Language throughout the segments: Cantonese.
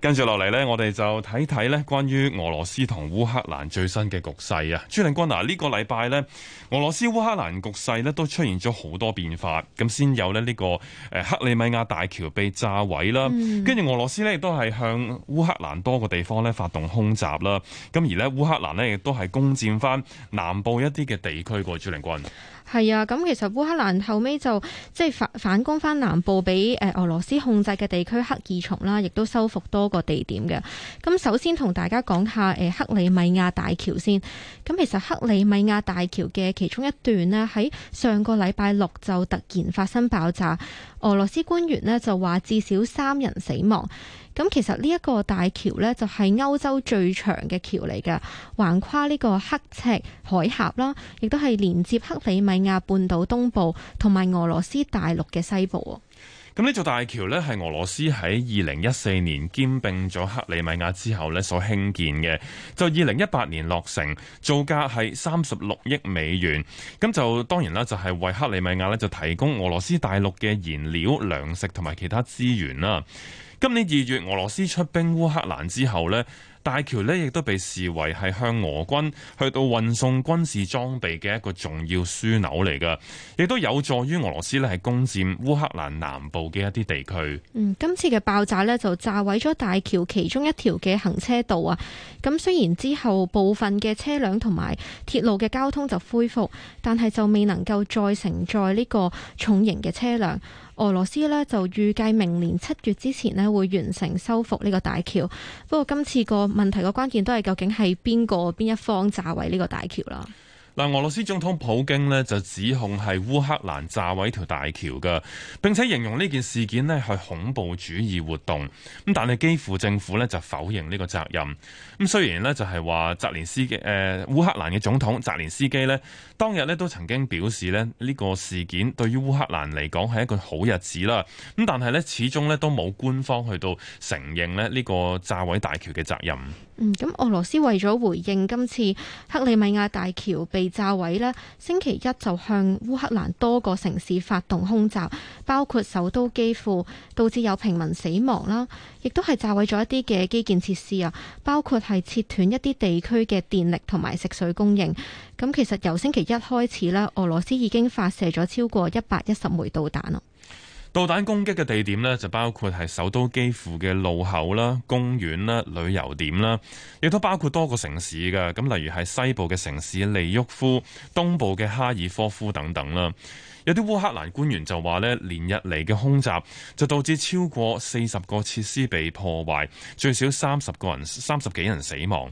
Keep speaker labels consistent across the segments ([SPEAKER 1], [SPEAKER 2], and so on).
[SPEAKER 1] 跟住落嚟呢，我哋就睇睇呢關於俄羅斯同烏克蘭最新嘅局勢啊，朱令軍嗱，呢、這個禮拜呢，俄羅斯烏克蘭局勢呢都出現咗好多變化，咁先有咧呢個誒克里米亞大橋被炸毀啦，跟住、嗯、俄羅斯呢亦都係向烏克蘭多個地方咧發動空襲啦，咁而呢，烏克蘭呢亦都係攻佔翻南部一啲嘅地區個朱令軍。
[SPEAKER 2] 係啊，咁其實烏克蘭後尾就即係反反攻翻南部俾誒俄羅斯控制嘅地區黑二松啦，亦都收復多個地點嘅。咁首先同大家講下誒克里米亞大橋先。咁其實克里米亞大橋嘅其中一段呢，喺上個禮拜六就突然發生爆炸，俄羅斯官員呢就話至少三人死亡。咁其實呢一個大橋呢，就係歐洲最長嘅橋嚟嘅，橫跨呢個刻赤海峽啦，亦都係連接克里米亞半島東部同埋俄羅斯大陸嘅西部。
[SPEAKER 1] 咁呢座大橋呢，係俄羅斯喺二零一四年兼併咗克里米亞之後呢所興建嘅，就二零一八年落成，造價係三十六億美元。咁就當然啦，就係為克里米亞呢，就提供俄羅斯大陸嘅燃料、糧食同埋其他資源啦。今年二月，俄羅斯出兵烏克蘭之後呢，大橋呢亦都被視為係向俄軍去到運送軍事裝備嘅一個重要樞紐嚟嘅，亦都有助於俄羅斯呢係攻佔烏克蘭南部嘅一啲地區。
[SPEAKER 2] 嗯，今次嘅爆炸呢，就炸毀咗大橋其中一條嘅行車道啊。咁雖然之後部分嘅車輛同埋鐵路嘅交通就恢復，但係就未能夠再承載呢個重型嘅車輛。俄羅斯咧就預計明年七月之前咧會完成修復呢個大橋，不過今次個問題個關鍵都係究竟係邊個邊一方炸毀呢個大橋啦。
[SPEAKER 1] 嗱，俄羅斯總統普京咧就指控係烏克蘭炸毀條大橋嘅，並且形容呢件事件咧係恐怖主義活動。咁但係基輔政府咧就否認呢個責任。咁雖然咧就係話澤連斯基誒、呃、烏克蘭嘅總統澤連斯基咧當日咧都曾經表示咧呢個事件對於烏克蘭嚟講係一個好日子啦。咁但係咧始終咧都冇官方去到承認咧呢個炸毀大橋嘅責任。
[SPEAKER 2] 咁、嗯、俄羅斯為咗回應今次克里米亞大橋被炸毀呢，星期一就向烏克蘭多個城市發動空襲，包括首都基輔，導致有平民死亡啦，亦都係炸毀咗一啲嘅基建設施啊，包括係切斷一啲地區嘅電力同埋食水供應。咁其實由星期一開始呢，俄羅斯已經發射咗超過一百一十枚導彈。
[SPEAKER 1] 導彈攻擊嘅地點呢，就包括係首都基輔嘅路口啦、公園啦、旅遊點啦，亦都包括多個城市嘅。咁例如係西部嘅城市利沃夫、東部嘅哈爾科夫等等啦。有啲烏克蘭官員就話呢，連日嚟嘅空襲就導致超過四十個設施被破壞，最少三十個人、三十幾人死亡。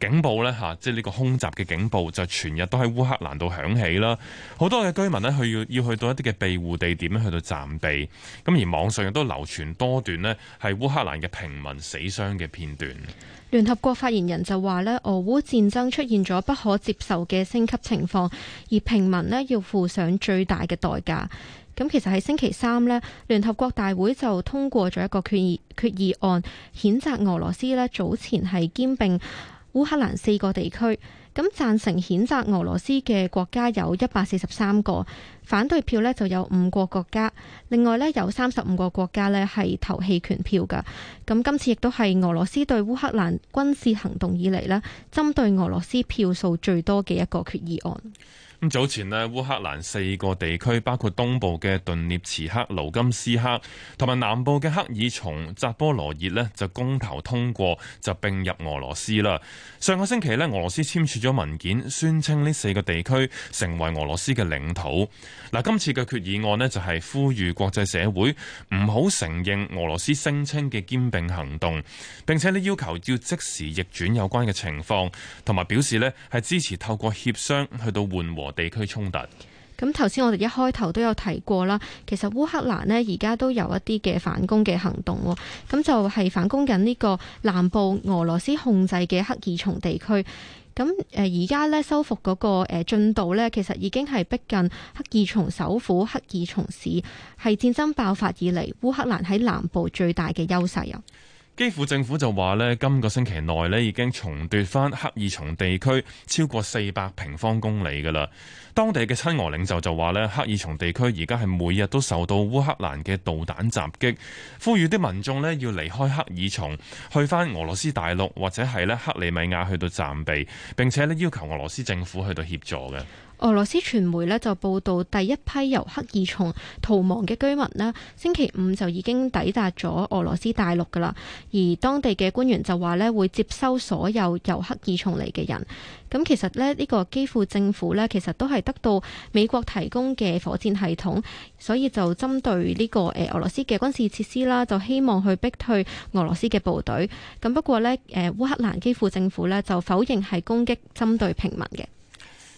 [SPEAKER 1] 警報呢，嚇，即係呢個空襲嘅警報就全日都喺烏克蘭度響起啦。好多嘅居民呢，去要要去到一啲嘅庇護地點去到暫避。咁而網上亦都流傳多段呢係烏克蘭嘅平民死傷嘅片段。
[SPEAKER 2] 聯合國發言人就話呢俄烏戰爭出現咗不可接受嘅升級情況，而平民呢要付上最大嘅代價。咁其實喺星期三呢，聯合國大會就通過咗一個決議決議案，譴責俄羅斯呢早前係兼併烏克蘭四個地區。咁贊成譴責俄羅斯嘅國家有一百四十三個，反對票呢就有五個國家，另外呢，有三十五個國家呢係投棄權票嘅。咁今次亦都係俄羅斯對烏克蘭軍事行動以嚟呢針對俄羅斯票數最多嘅一個決議案。
[SPEAKER 1] 咁早前咧，烏克蘭四個地區包括東部嘅頓涅茨克、盧甘斯克，同埋南部嘅克爾松、扎波羅熱咧，就公投通過就併入俄羅斯啦。上個星期咧，俄羅斯簽署咗文件，宣稱呢四個地區成為俄羅斯嘅領土。嗱，今次嘅決議案咧，就係呼籲國際社會唔好承認俄羅斯聲稱嘅兼併行動，並且呢要求要即時逆轉有關嘅情況，同埋表示咧係支持透過協商去到緩和。地區衝突
[SPEAKER 2] 咁，頭先我哋一開頭都有提過啦。其實烏克蘭呢，而家都有一啲嘅反攻嘅行動，咁就係、是、反攻緊呢個南部俄羅斯控制嘅赫爾松地區。咁誒而家呢，收復嗰個誒進度呢，其實已經係逼近赫爾松首府赫爾松市，係戰爭爆發以嚟烏克蘭喺南部最大嘅優勢啊！
[SPEAKER 1] 基輔政府就話呢今個星期內咧已經重奪翻克爾松地區超過四百平方公里噶啦。當地嘅親俄領袖就話呢克爾松地區而家係每日都受到烏克蘭嘅導彈襲擊，呼籲啲民眾咧要離開克爾松，去翻俄羅斯大陸或者係呢克里米亞去到暫避，並且咧要求俄羅斯政府去到協助嘅。
[SPEAKER 2] 俄羅斯傳媒咧就報道，第一批由克爾松逃亡嘅居民咧，星期五就已經抵達咗俄羅斯大陸噶啦。而當地嘅官員就話咧，會接收所有由克爾松嚟嘅人。咁其實咧，呢個基輔政府咧，其實，其實都係得到美國提供嘅火箭系統，所以就針對呢個誒俄羅斯嘅軍事設施啦，就希望去逼退俄羅斯嘅部隊。咁不過呢，誒烏克蘭基輔政府咧就否認係攻擊針對平民嘅。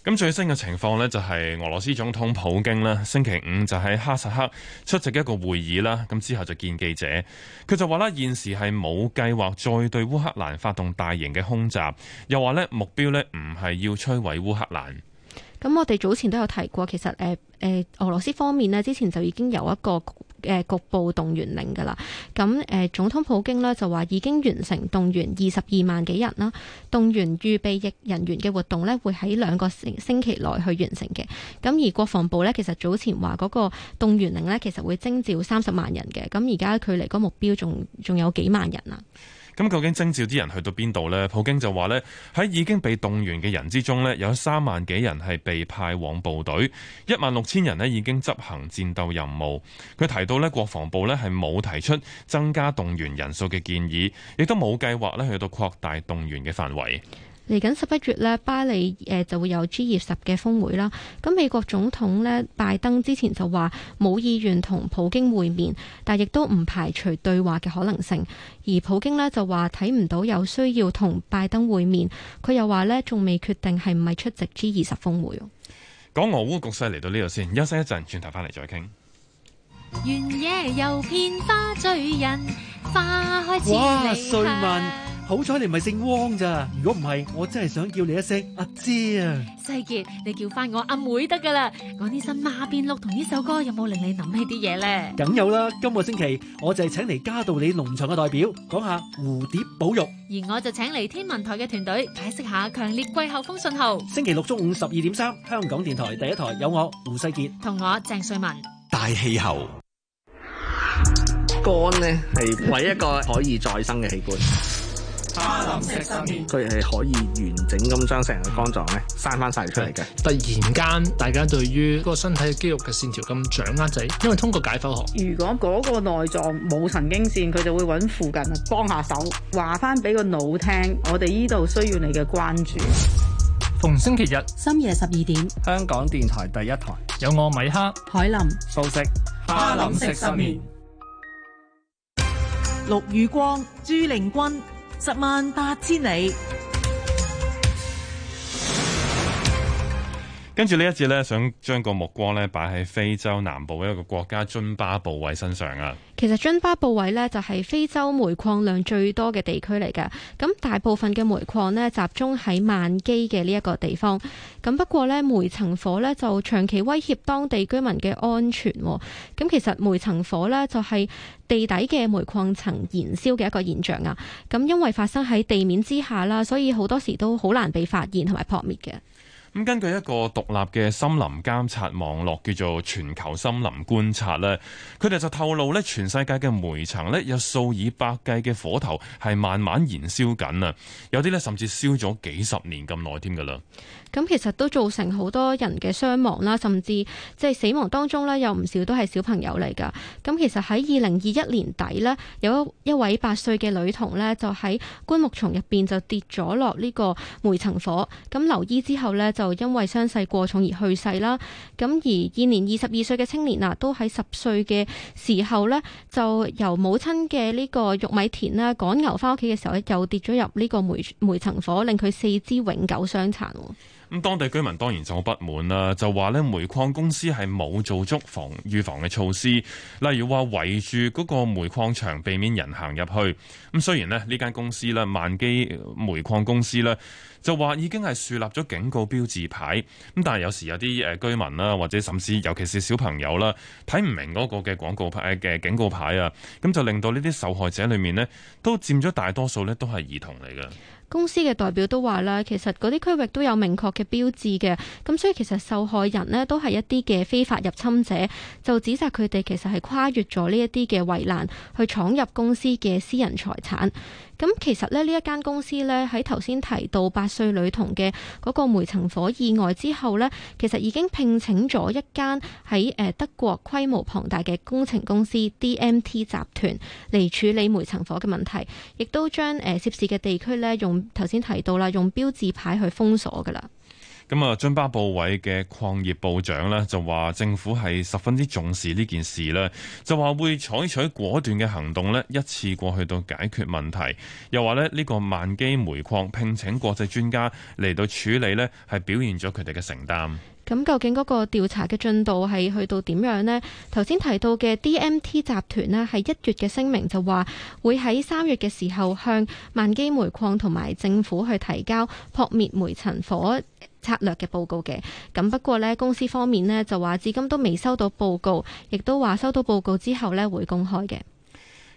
[SPEAKER 1] 咁最新嘅情況呢，就係俄羅斯總統普京咧，星期五就喺哈薩克出席一個會議啦。咁之後就見記者，佢就話咧，現時係冇計劃再對烏克蘭發動大型嘅空襲，又話咧目標呢，唔係要摧毀烏克蘭。
[SPEAKER 2] 咁我哋早前都有提過，其實誒誒、呃呃、俄羅斯方面咧，之前就已經有一個。嘅局部動員令㗎喇，咁誒總統普京呢就話已經完成動員二十二萬幾人啦，動員預備役人員嘅活動呢會喺兩個星星期內去完成嘅，咁而國防部呢，其實早前話嗰個動員令呢，其實會徵召三十萬人嘅，咁而家距離嗰個目標仲仲有幾萬人啊。
[SPEAKER 1] 咁究竟徵召啲人去到邊度呢？普京就話呢，喺已經被動員嘅人之中呢，有三萬幾人係被派往部隊，一萬六千人呢已經執行戰鬥任務。佢提到呢，國防部呢係冇提出增加動員人數嘅建議，亦都冇計劃呢去到擴大動員嘅範圍。
[SPEAKER 2] 嚟緊十一月咧，巴黎誒就會有 G 二十嘅峰會啦。咁美國總統咧拜登之前就話冇意願同普京會面，但亦都唔排除對話嘅可能性。而普京呢，就話睇唔到有需要同拜登會面，佢又話呢，仲未決定係唔係出席 G 二十峰會。
[SPEAKER 1] 講俄烏局勢嚟到呢度先，休息一陣，轉頭翻嚟再傾。
[SPEAKER 2] 好彩你唔係姓汪咋，如果唔係，我真係想叫你一聲阿姐啊！世杰，你叫翻我阿妹得噶啦！我啲新馬變綠同呢首歌有冇令你諗起啲嘢咧？梗有啦！今個星期我就係請嚟嘉道理農場嘅代表講下蝴蝶保育，而我就請嚟天文台嘅團隊解釋下強烈季候風信號。星期六中午十二點三，香港電台第一台有我胡世杰同我鄭瑞文大氣候。肝，呢係唯一一個可以再生嘅器官。林佢係可以完整咁將成個肝臟咧翻
[SPEAKER 3] 翻晒出嚟嘅。突然間，大家對於嗰個身體肌肉嘅線條咁掌握仔，因為通過解剖學。
[SPEAKER 2] 如果嗰個內臟冇神經線，佢就會揾附近幫下手，話翻俾個腦聽：我哋呢度需要你嘅關注。逢星期日深夜十二點，香港電台第一台有我米克、海林、素食、哈林食、石失眠、陸宇光、朱令
[SPEAKER 3] 君。十萬八千里，
[SPEAKER 1] 跟住呢一節呢，想將個目光呢擺喺非洲南部一個國家津巴布韋身上啊。
[SPEAKER 2] 其實津巴布韋呢，就係非洲煤礦量最多嘅地區嚟嘅。咁大部分嘅煤礦呢，集中喺曼基嘅呢一個地方，咁不過呢，煤層火呢，就長期威脅當地居民嘅安全。咁其實煤層火呢，就係地底嘅煤礦層燃燒嘅一個現象啊，咁因為發生喺地面之下啦，所以好多時都好難被發現同埋撲滅嘅。
[SPEAKER 1] 咁根據一個獨立嘅森林監察網絡叫做全球森林觀察呢，佢哋就透露呢，全世界嘅煤層呢有數以百計嘅火頭係慢慢燃燒緊啊！有啲呢甚至燒咗幾十年咁耐添㗎啦。
[SPEAKER 2] 咁其實都造成好多人嘅傷亡啦，甚至即係死亡當中呢有唔少都係小朋友嚟㗎。咁其實喺二零二一年底呢，有一一位八歲嘅女童呢，就喺灌木叢入邊就跌咗落呢個煤層火，咁留醫之後呢就。就因為傷勢過重而去世啦。咁而現年二十二歲嘅青年啊，都喺十歲嘅時候呢，就由母親嘅呢個玉米田啦趕牛翻屋企嘅時候又跌咗入呢個煤煤層火，令佢四肢永久傷殘。
[SPEAKER 1] 咁當地居民當然就好不滿啦，就話咧煤礦公司係冇做足防預防嘅措施，例如話圍住嗰個煤礦場避免人行入去。咁雖然咧呢間公司啦萬基煤礦公司啦，就話已經係樹立咗警告標誌牌，咁但係有時有啲誒居民啦，或者甚至尤其是小朋友啦，睇唔明嗰個嘅廣告牌嘅、呃、警告牌啊，咁就令到呢啲受害者裡面呢，都佔咗大多數咧都係兒童嚟嘅。
[SPEAKER 2] 公司嘅代表都話啦，其實嗰啲區域都有明確嘅標誌嘅，咁所以其實受害人呢都係一啲嘅非法入侵者，就指責佢哋其實係跨越咗呢一啲嘅圍欄去闖入公司嘅私人財產。咁其實咧，呢一間公司咧，喺頭先提到八歲女童嘅嗰個煤層火意外之後咧，其實已經聘請咗一間喺誒德國規模龐大嘅工程公司 DMT 集團嚟處理煤層火嘅問題，亦都將誒涉事嘅地區咧用頭先提到啦，用標誌牌去封鎖㗎喇。
[SPEAKER 1] 咁啊，津巴布韋嘅礦業部長咧就話政府係十分之重視呢件事啦，就話會採取果斷嘅行動咧，一次過去到解決問題。又話咧呢個萬基煤礦聘請國際專家嚟到處理咧，係表現咗佢哋嘅承擔。
[SPEAKER 2] 咁究竟嗰個調查嘅進度係去到點樣咧？頭先提到嘅 DMT 集團咧，係一月嘅聲明就話會喺三月嘅時候向萬基煤礦同埋政府去提交撲滅煤塵火策略嘅報告嘅，咁不過呢，公司方面呢，就話至今都未收到報告，亦都話收到報告之後呢，會公開嘅。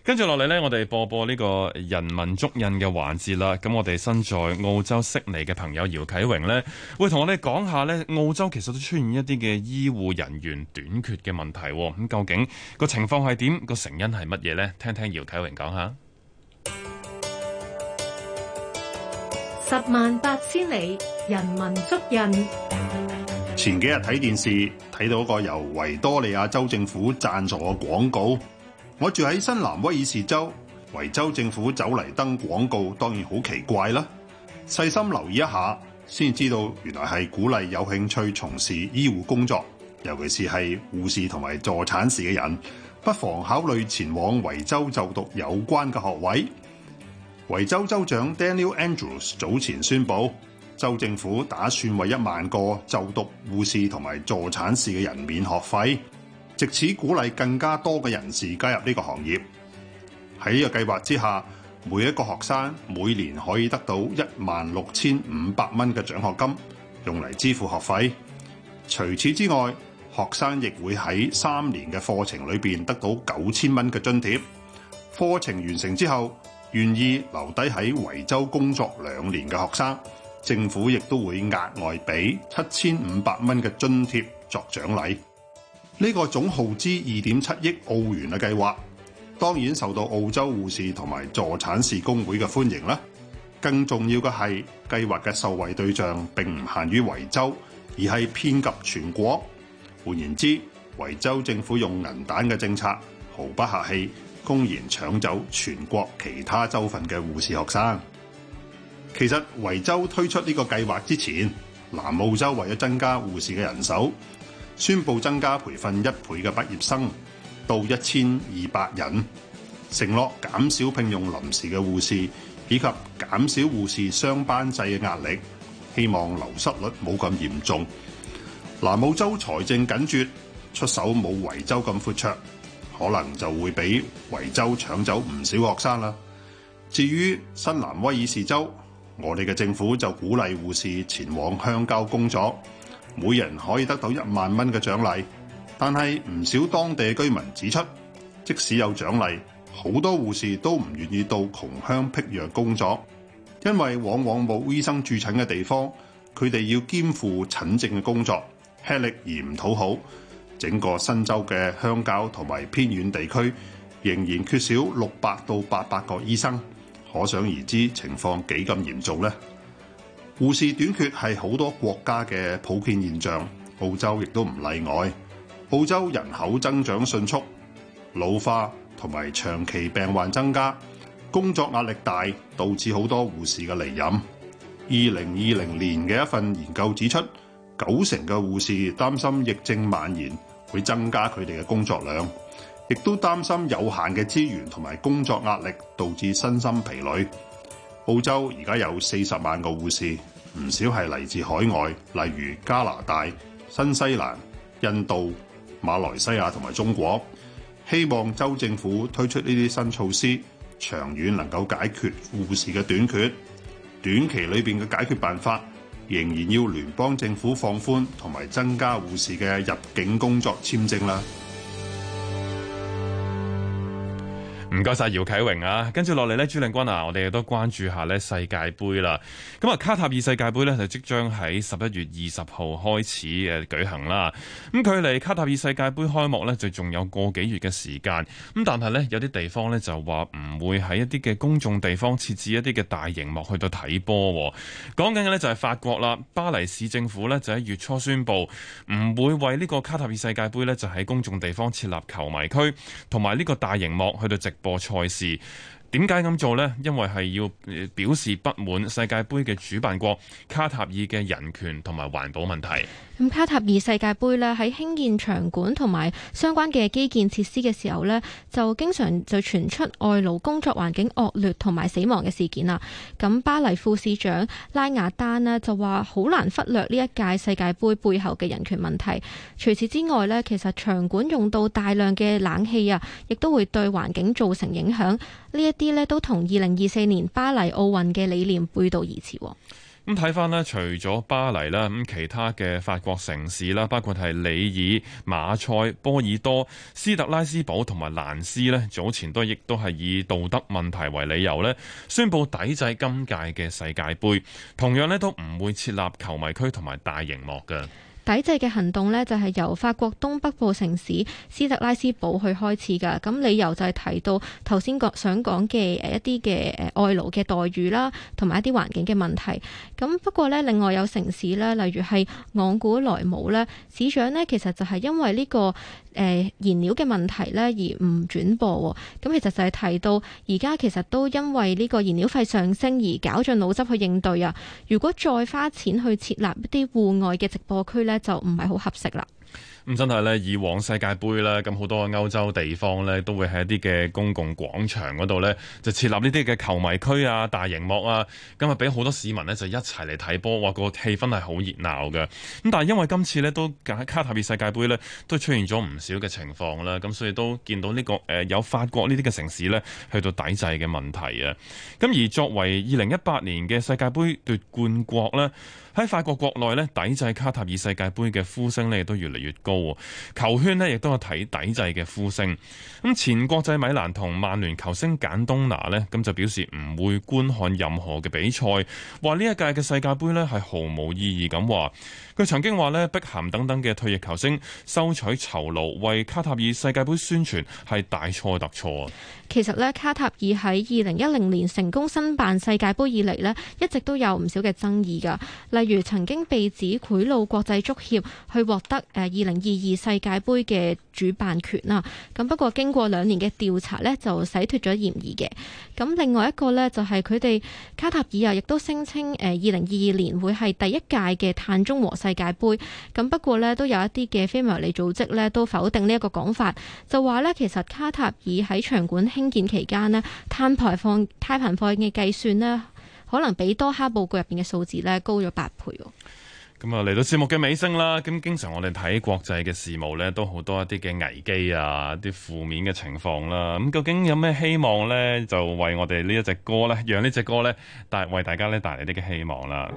[SPEAKER 1] 跟住落嚟呢，我哋播播呢個人文足印嘅環節啦。咁我哋身在澳洲悉尼嘅朋友姚啟榮呢，會同我哋講下呢澳洲其實都出現一啲嘅醫護人員短缺嘅問題。咁究竟個情況係點？個成因係乜嘢呢？聽聽聽姚啟榮講下。
[SPEAKER 2] 十萬八千里，人文足印。
[SPEAKER 3] 前幾日睇電視睇到一個由維多利亞州政府贊助嘅廣告，我住喺新南威爾士州，維州政府走嚟登廣告，當然好奇怪啦。細心留意一下，先知道原來係鼓勵有興趣從事醫護工作，尤其是係護士同埋助產士嘅人，不妨考慮前往維州就讀有關嘅學位。維州州長 Daniel Andrews 早前宣布，州政府打算為一萬個就讀護士同埋助產士嘅人免學費，借此鼓勵更加多嘅人士加入呢個行業。喺呢個計劃之下，每一個學生每年可以得到一萬六千五百蚊嘅獎學金，用嚟支付學費。除此之外，學生亦會喺三年嘅課程裏邊得到九千蚊嘅津貼。課程完成之後。願意留低喺維州工作兩年嘅學生，政府亦都會額外俾七千五百蚊嘅津貼作獎勵。呢、這個總耗資二點七億澳元嘅計劃，當然受到澳洲護士同埋助產士工會嘅歡迎啦。更重要嘅係，計劃嘅受惠對象並唔限於維州，而係遍及全國。換言之，維州政府用銀彈嘅政策毫不客氣。公然搶走全國其他州份嘅護士學生。其實維州推出呢個計劃之前，南澳州為咗增加護士嘅人手，宣佈增加培訓一倍嘅畢業生到一千二百人，承諾減少聘用臨時嘅護士，以及減少護士雙班制嘅壓力，希望流失率冇咁嚴重。南澳州財政緊絀，出手冇維州咁闊綽。可能就會俾維州搶走唔少學生啦。至於新南威爾士州，我哋嘅政府就鼓勵護士前往鄉郊工作，每人可以得到一萬蚊嘅獎勵。但係唔少當地居民指出，即使有獎勵，好多護士都唔願意到窮鄉僻壤工作，因為往往冇醫生駐診嘅地方，佢哋要肩負診症嘅工作，吃力而唔討好。整個新州嘅鄉郊同埋偏遠地區仍然缺少六百到八百個醫生，可想而知情況幾咁嚴重呢。護士短缺係好多國家嘅普遍現象，澳洲亦都唔例外。澳洲人口增長迅速、老化同埋長期病患增加，工作壓力大，導致好多護士嘅離任。二零二零年嘅一份研究指出，九成嘅護士擔心疫症蔓延會增加佢哋嘅工作量，亦都擔心有限嘅資源同埋工作壓力導致身心疲累。澳洲而家有四十萬個護士，唔少係嚟自海外，例如加拿大、新西蘭、印度、馬來西亞同埋中國。希望州政府推出呢啲新措施，長遠能夠解決護士嘅短缺。短期裏面嘅解決辦法，仍然要聯邦政府放寬同埋增加護士嘅入境工作簽證啦。
[SPEAKER 1] 唔該晒姚啟榮啊，跟住落嚟呢，朱令君啊，我哋亦都關注下呢世界盃啦。咁啊，卡塔爾世界盃呢，就即將喺十一月二十號開始誒舉行啦。咁距離卡塔爾世界盃開幕呢，就仲有個幾月嘅時間。咁但係呢，有啲地方呢，就話唔會喺一啲嘅公眾地方設置一啲嘅大熒幕去到睇波，哦。講緊嘅呢，就係法國啦，巴黎市政府呢，就喺月初宣佈唔會為呢個卡塔爾世界盃呢，就喺公眾地方設立球迷區，同埋呢個大熒幕去到直。播賽事。點解咁做呢？因為係要表示不滿世界盃嘅主辦國卡塔爾嘅人權同埋環保問題。
[SPEAKER 2] 咁卡塔爾世界盃呢，喺興建場館同埋相關嘅基建設施嘅時候呢，就經常就傳出外勞工作環境惡劣同埋死亡嘅事件啦。咁巴黎副市長拉雅丹呢就話好難忽略呢一屆世界盃背後嘅人權問題。除此之外呢，其實場館用到大量嘅冷氣啊，亦都會對環境造成影響。呢一啲咧都同二零二四年巴黎奧運嘅理念背道而馳。咁
[SPEAKER 1] 睇翻咧，除咗巴黎啦，咁其他嘅法國城市啦，包括係里爾、馬賽、波爾多、斯特拉斯堡同埋蘭斯呢，早前都亦都係以道德問題為理由呢，宣布抵制今屆嘅世界杯，同樣呢都唔會設立球迷區同埋大熒幕嘅。
[SPEAKER 2] 抵制嘅行動呢，就係由法國東北部城市斯特拉斯堡去開始㗎，咁理由就係睇到頭先講想講嘅誒一啲嘅誒外勞嘅待遇啦，同埋一啲環境嘅問題。咁不過呢，另外有城市呢，例如係昂古萊姆呢，市長呢，其實就係因為呢個。誒、呃、燃料嘅問題咧，而唔轉播咁、哦，其實就係提到而家其實都因為呢個燃料費上升而絞盡腦汁去應對啊。如果再花錢去設立一啲戶外嘅直播區呢，就唔係好合適啦。
[SPEAKER 1] 咁、嗯、真係咧，以往世界盃啦，咁好多歐洲地方咧，都會喺一啲嘅公共廣場嗰度咧，就設立呢啲嘅球迷區啊、大熒幕啊，咁啊俾好多市民咧就一齊嚟睇波，話個氣氛係好熱鬧嘅。咁、嗯、但係因為今次咧都喺卡塔爾世界盃咧，都出現咗唔少嘅情況啦，咁、嗯、所以都見到呢、這個誒、呃、有法國呢啲嘅城市咧，去到抵制嘅問題啊。咁、嗯、而作為二零一八年嘅世界盃奪冠國咧。喺法國國內咧，抵制卡塔爾世界盃嘅呼聲咧，亦都越嚟越高。球圈咧亦都有睇抵制嘅呼聲。咁前國際米蘭同曼聯球星簡東拿咧，咁就表示唔會觀看任何嘅比賽，話呢一屆嘅世界盃咧係毫無意義。咁話佢曾經話咧，碧咸等等嘅退役球星收取酬勞為卡塔爾世界盃宣傳係大錯特錯。
[SPEAKER 2] 其實咧，卡塔爾喺二零一零年成功申辦世界盃以嚟咧，一直都有唔少嘅爭議㗎，例。例如曾經被指賄賂國際足協去獲得誒2022世界盃嘅主辦權啊，咁不過經過兩年嘅調查呢就洗脫咗嫌疑嘅。咁另外一個呢，就係佢哋卡塔爾啊，亦都聲稱誒2022年會係第一屆嘅碳中和世界盃。咁不過呢，都有一啲嘅非牟利組織呢，都否定呢一個講法，就話呢，其實卡塔爾喺場館興建期間呢，碳排放、碳排放嘅計算呢。可能比多哈報告入邊嘅數字咧高咗八倍。
[SPEAKER 1] 咁啊，嚟到節目嘅尾聲啦。咁經常我哋睇國際嘅事務咧，都好多一啲嘅危機啊，啲負面嘅情況啦。咁究竟有咩希望咧？就為我哋呢一隻歌咧，讓呢隻歌咧，帶為大家咧帶嚟啲嘅希望啦。